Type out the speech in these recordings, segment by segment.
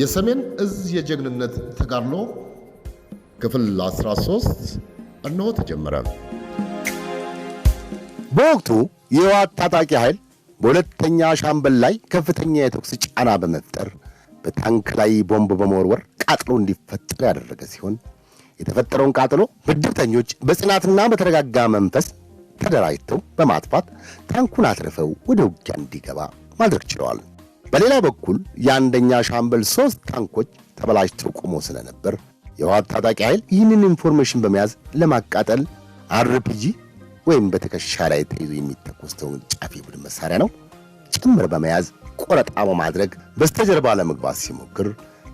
የሰሜን እዝ የጀግንነት ተጋድሎ ክፍል 13 እነሆ ተጀመረ። በወቅቱ የህወሓት ታጣቂ ኃይል በሁለተኛ ሻምበል ላይ ከፍተኛ የተኩስ ጫና በመፍጠር በታንክ ላይ ቦምብ በመወርወር ቃጥሎ እንዲፈጠር ያደረገ ሲሆን የተፈጠረውን ቃጥሎ ምድብተኞች በጽናትና በተረጋጋ መንፈስ ተደራጅተው በማጥፋት ታንኩን አትርፈው ወደ ውጊያ እንዲገባ ማድረግ ችለዋል። በሌላ በኩል የአንደኛ ሻምበል ሶስት ታንኮች ተበላሽተው ቆሞ ስለነበር የውሃት ታጣቂ ኃይል ይህንን ኢንፎርሜሽን በመያዝ ለማቃጠል አርፒጂ ወይም በትከሻ ላይ ተይዞ የሚተኮስተውን ተወንጫፊ ቡድን መሳሪያ ነው ጭምር በመያዝ ቆረጣ በማድረግ በስተጀርባ ለመግባት ሲሞክር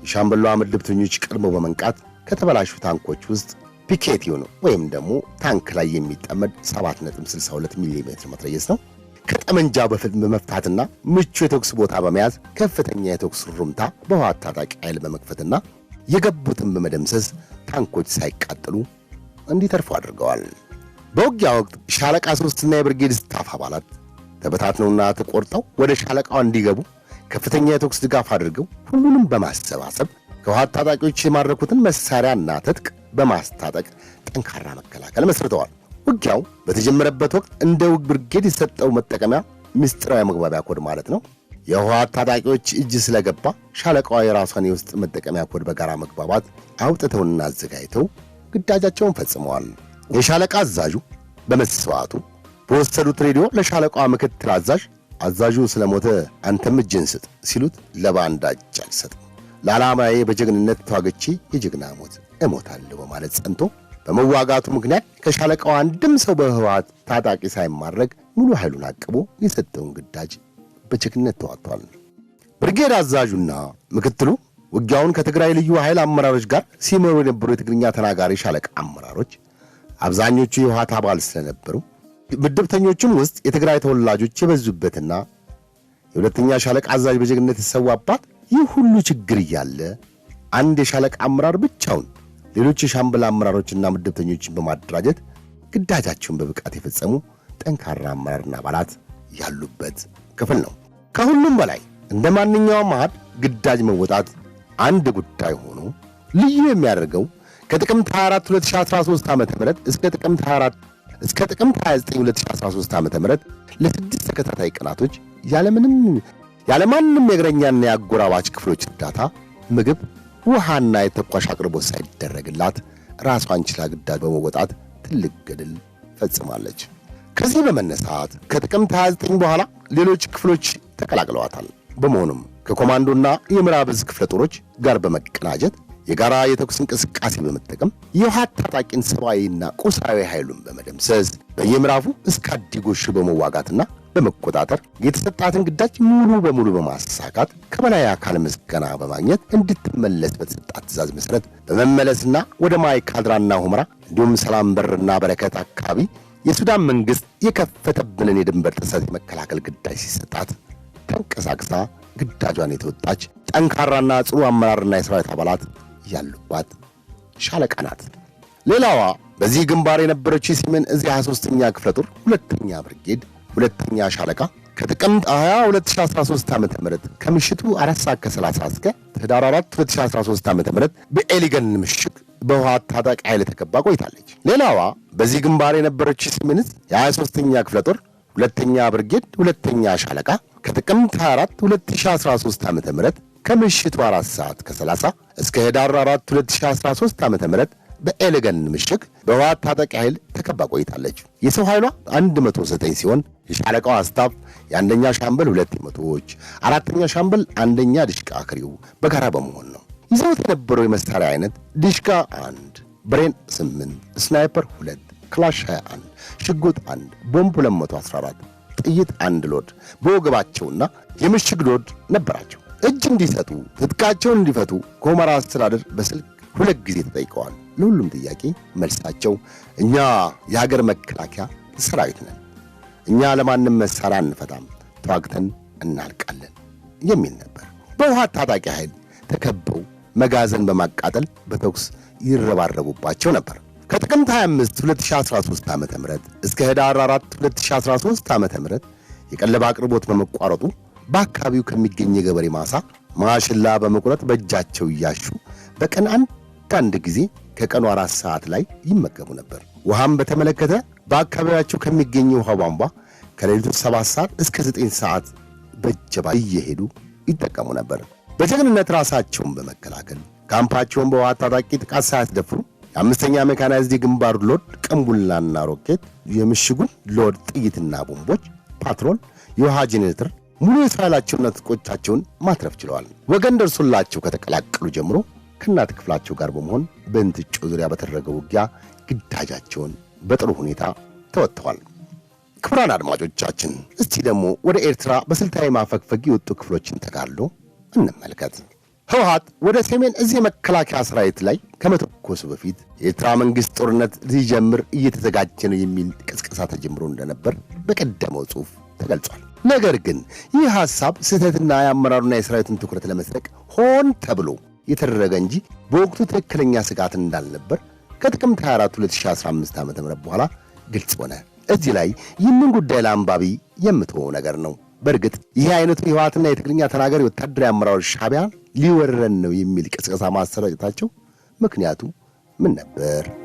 የሻምበሉ አምድ ልብተኞች ቀድሞ በመንቃት ከተበላሹ ታንኮች ውስጥ ፒኬቲው ወይም ደግሞ ታንክ ላይ የሚጠመድ 7.62 ሚሜ መትረየስ ነው ከጠመንጃ በፊት በመፍታትና ምቹ የተኩስ ቦታ በመያዝ ከፍተኛ የተኩስ ሩምታ በህወሓት ታጣቂ ኃይል በመክፈትና የገቡትን በመደምሰስ ታንኮች ሳይቃጠሉ እንዲተርፉ አድርገዋል። በውጊያ ወቅት ሻለቃ ሶስትና የብርጌድ ስታፍ አባላት ተበታትነውና ተቆርጠው ወደ ሻለቃው እንዲገቡ ከፍተኛ የተኩስ ድጋፍ አድርገው ሁሉንም በማሰባሰብ ከውሃት ታጣቂዎች የማረኩትን መሳሪያና ትጥቅ በማስታጠቅ ጠንካራ መከላከል መስርተዋል። ውጊያው በተጀመረበት ወቅት እንደ ውግ ብርጌድ የሰጠው መጠቀሚያ ምስጢራዊ መግባቢያ ኮድ ማለት ነው የህወሓት ታጣቂዎች እጅ ስለገባ ሻለቃዋ የራሷን የውስጥ መጠቀሚያ ኮድ በጋራ መግባባት አውጥተውና አዘጋጅተው ግዳጃቸውን ፈጽመዋል። የሻለቃ አዛዡ በመስዋዕቱ በወሰዱት ሬዲዮ ለሻለቃዋ ምክትል አዛዥ አዛዡ ስለሞተ አንተም እጅን ስጥ ሲሉት ለባንዳ እጅ አልሰጥም፣ ለዓላማዬ በጀግንነት ተዋግቼ የጀግና ሞት እሞታለሁ በማለት ጸንቶ በመዋጋቱ ምክንያት ከሻለቃው አንድም ሰው በህወሓት ታጣቂ ሳይማረግ ሙሉ ኃይሉን አቅቦ የሰጠውን ግዳጅ በጀግንነት ተዋጥቷል። ብርጌድ አዛዡና ምክትሉ ውጊያውን ከትግራይ ልዩ ኃይል አመራሮች ጋር ሲመሩ የነበሩ የትግርኛ ተናጋሪ ሻለቃ አመራሮች አብዛኞቹ የህወሓት አባል ስለነበሩ ምድብተኞቹም ውስጥ የትግራይ ተወላጆች የበዙበትና የሁለተኛ ሻለቃ አዛዥ በጀግነት የተሰዋባት ይህ ሁሉ ችግር እያለ አንድ የሻለቃ አመራር ብቻውን ሌሎች የሻምበላ አመራሮችና ምድብተኞችን በማደራጀት ግዳጃቸውን በብቃት የፈጸሙ ጠንካራ አመራርና አባላት ያሉበት ክፍል ነው። ከሁሉም በላይ እንደ ማንኛውም አሃድ ግዳጅ መወጣት አንድ ጉዳይ ሆኖ ልዩ የሚያደርገው ከጥቅምት 24 2013 ዓ ም እስከ ጥቅምት 24 እስከ ጥቅምት 29 2013 ዓ ም ለስድስት ተከታታይ ቀናቶች ያለምንም ያለማንም የእግረኛና የአጎራባች ክፍሎች እርዳታ ምግብ ውሃና የተኳሽ አቅርቦት ሳይደረግላት ራሷን ችላ ግዳጅ በመወጣት ትልቅ ገድል ፈጽማለች። ከዚህ በመነሳት ከጥቅምት 29 በኋላ ሌሎች ክፍሎች ተቀላቅለዋታል። በመሆኑም ከኮማንዶና የምዕራብ ዕዝ ክፍለ ጦሮች ጋር በመቀናጀት የጋራ የተኩስ እንቅስቃሴ በመጠቀም የውሃ ታጣቂን ሰብአዊና ቁሳዊ ኃይሉን በመደምሰስ በየምዕራፉ እስከ አዲጎሽ በመዋጋትና በመቆጣጠር የተሰጣትን ግዳጅ ሙሉ በሙሉ በማሳካት ከበላይ አካል ምስጋና በማግኘት እንድትመለስ በተሰጣት ትእዛዝ መሰረት በመመለስና ወደ ካድራና ሁመራ እንዲሁም ሰላም በርና በረከት አካባቢ የሱዳን መንግስት የከፈተብንን የድንበር ጥሰት የመከላከል ግዳጅ ሲሰጣት ተንቀሳቅሳ ግዳጇን የተወጣች ጠንካራና ጽኑ አመራርና የሰራዊት አባላት ያሉባት ሻለቃ ናት። ሌላዋ በዚህ ግንባር የነበረችው ሲምን እዚያ 23ኛ ክፍለ ጦር ሁለተኛ ብርጌድ ሁለተኛ ሻለቃ ከጥቅምት 20 2013 ዓ ም ከምሽቱ 4 ሰዓት ከ30 እስከ ህዳር 4 2013 ዓ ም በኤሊገን ምሽግ በውሃት ታጣቂ ኃይል ተከባ ቆይታለች። ሌላዋ በዚህ ግንባር የነበረች ስምንት የ23ኛ ክፍለ ጦር ሁለተኛ ብርጌድ ሁለተኛ ሻለቃ ከጥቅምት 24 2013 ዓ ም ከምሽቱ 4 ሰዓት ከ30 እስከ ህዳር 4 2013 ዓ ም በኤሊገን ምሽግ በውሃት ታጣቂ ኃይል ተከባ ቆይታለች። የሰው ኃይሏ 109 ሲሆን የሻለቃው አስታፍ የአንደኛ ሻምበል ሁለት መቶዎች፣ አራተኛ ሻምበል አንደኛ ድሽቃ ክሪው በጋራ በመሆን ነው። ይዘውት የነበረው የመሳሪያ አይነት ድሽቃ አንድ፣ ብሬን ስምንት፣ ስናይፐር ሁለት፣ ክላሽ 21፣ ሽጉጥ አንድ፣ ቦምብ 214 ጥይት አንድ ሎድ በወገባቸውና የምሽግ ሎድ ነበራቸው። እጅ እንዲሰጡ ትጥቃቸውን እንዲፈቱ ከሁመራ አስተዳደር በስልክ ሁለት ጊዜ ተጠይቀዋል። ለሁሉም ጥያቄ መልሳቸው እኛ የሀገር መከላከያ ሰራዊት ነን እኛ ለማንም መሳሪያ አንፈታም፣ ተዋግተን እናልቃለን የሚል ነበር። በውሃ ታጣቂ ኃይል ተከበው መጋዘን በማቃጠል በተኩስ ይረባረቡባቸው ነበር። ከጥቅምት 25 2013 ዓ ም እስከ ህዳር 4 2013 ዓ ም የቀለብ አቅርቦት በመቋረጡ በአካባቢው ከሚገኝ የገበሬ ማሳ ማሽላ በመቁረጥ በእጃቸው እያሹ በቀን አንዳንድ ጊዜ ከቀኑ አራት ሰዓት ላይ ይመገቡ ነበር። ውሃም በተመለከተ በአካባቢያቸው ከሚገኘ ውሃ ቧንቧ ከሌሊቱ 7 ሰዓት እስከ 9 ሰዓት በጀባ እየሄዱ ይጠቀሙ ነበር። በጀግንነት ራሳቸውን በመከላከል ካምፓቸውን በውሃ ታጣቂ ጥቃት ሳያስደፍሩ የአምስተኛ ሜካናይዝድ የግንባር ሎድ ቀንቡላና ሮኬት፣ የምሽጉን ሎድ ጥይትና ቦምቦች፣ ፓትሮል፣ የውሃ ጄኔሬተር ሙሉ የእስራኤላቸውና ትጥቆቻቸውን ማትረፍ ችለዋል። ወገን ደርሶላቸው ከተቀላቀሉ ጀምሮ ከእናት ክፍላቸው ጋር በመሆን በእንትጮ ዙሪያ በተደረገ ውጊያ ግዳጃቸውን በጥሩ ሁኔታ ተወጥተዋል። ክቡራን አድማጮቻችን እስቲ ደግሞ ወደ ኤርትራ በስልታዊ ማፈግፈግ የወጡ ክፍሎችን ተጋድሎ እንመልከት። ህወሓት ወደ ሰሜን እዚህ የመከላከያ ሰራዊት ላይ ከመተኮሱ በፊት የኤርትራ መንግሥት ጦርነት ሊጀምር እየተዘጋጀ ነው የሚል ቅስቀሳ ተጀምሮ እንደነበር በቀደመው ጽሑፍ ተገልጿል። ነገር ግን ይህ ሐሳብ ስህተትና የአመራሩና የሰራዊቱን ትኩረት ለመስረቅ ሆን ተብሎ የተደረገ እንጂ በወቅቱ ትክክለኛ ስጋት እንዳልነበር ከጥቅምት 24 2015 ዓ ም በኋላ ግልጽ ሆነ። እዚህ ላይ ይህንን ጉዳይ ለአንባቢ የምትሆው ነገር ነው። በእርግጥ ይህ አይነቱ የህወሓትና የትግርኛ ተናጋሪ ወታደራዊ አመራሮች ሻቢያ ሊወረን ነው የሚል ቅስቀሳ ማሰራጨታቸው ምክንያቱ ምን ነበር?